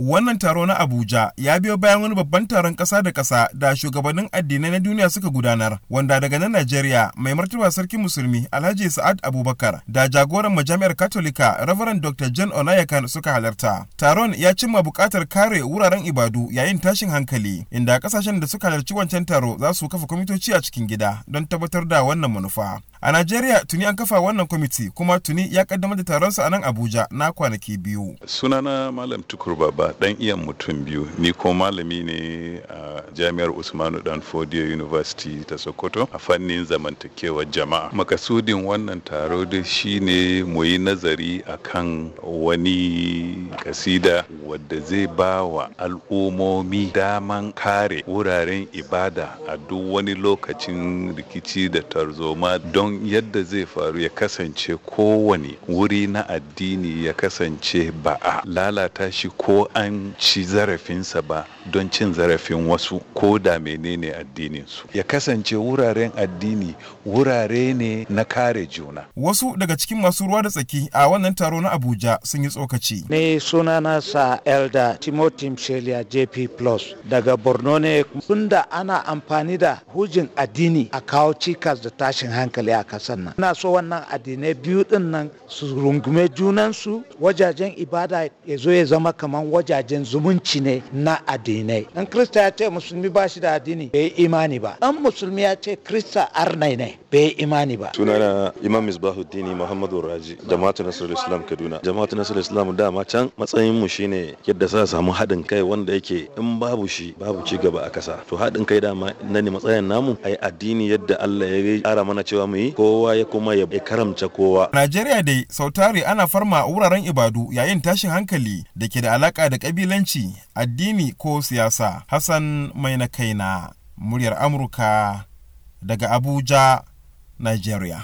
Wannan taro na Abuja ya biyo bayan wani babban taron ƙasa da ƙasa da shugabannin addinai na duniya suka gudanar, wanda daga nan Najeriya mai martaba sarki musulmi Alhaji Sa'ad Abubakar da jagoran majami'ar Katolika Reverend Dr. John Onayakan suka halarta. Taron ya cimma buƙatar kare wuraren ibadu yayin tashin hankali, inda ƙasashen da suka halarci wancan taro za su kafa kwamitoci a cikin gida don tabbatar da wannan manufa. A Najeriya tuni an kafa wannan kwamiti kuma tuni ya kaddamar da taronsa a nan Abuja na kwanaki biyu. Sunana Malam Tukur Baba ɗan iyan mutum biyu ni ko malami ne a Jami'ar Usmanu Danfodiyo University ta Sokoto a fannin zamantakewar jama'a. Makasudin wannan taro da shine mu yi nazari akan wani kasida wadda zai ba wa al'ummomi daman kare wuraren ibada a duk wani lokacin rikici da tarzoma don yadda zai faru ya kasance kowane wuri na addini ya kasance ba a lalata shi ko an ci zarafinsa ba don cin zarafin wasu ko da menene addininsu ya kasance wuraren addini wurare ne na kare juna wasu daga cikin masu ruwa da tsaki a wannan taro na abuja sun yi tsokaci ne sunana sa elda timothy shelia jp plus daga borno ne tunda ana amfani da hujin addini a kawo cikas da tashin hankali a kasar nan ina so wannan addinai biyu din nan su rungume junansu wajajen ibada ya zo ya zama kamar wajajen zumunci ne na addinai dan krista ya ce musulmi ba shi da addini bai imani ba dan musulmi ya ce krista arnai ne bai imani ba sunana imam misbahuddini muhammadu raji jama'atu Nasarar islam kaduna jama'atu Nasarar islam dama can matsayin mu shine yadda za samu haɗin kai wanda yake in babu shi babu ci gaba a ƙasa to haɗin kai dama na ne matsayin namu ai addini yadda Allah ya ƙara mana cewa mu yi kowa ya kuma ya karamta kowa Najeriya dai sautari ana farma wuraren ibadu yayin tashin hankali da ke da alaka da kabilanci addini ko siyasa Hassan mai na kaina muryar Amurka daga Abuja Nigeria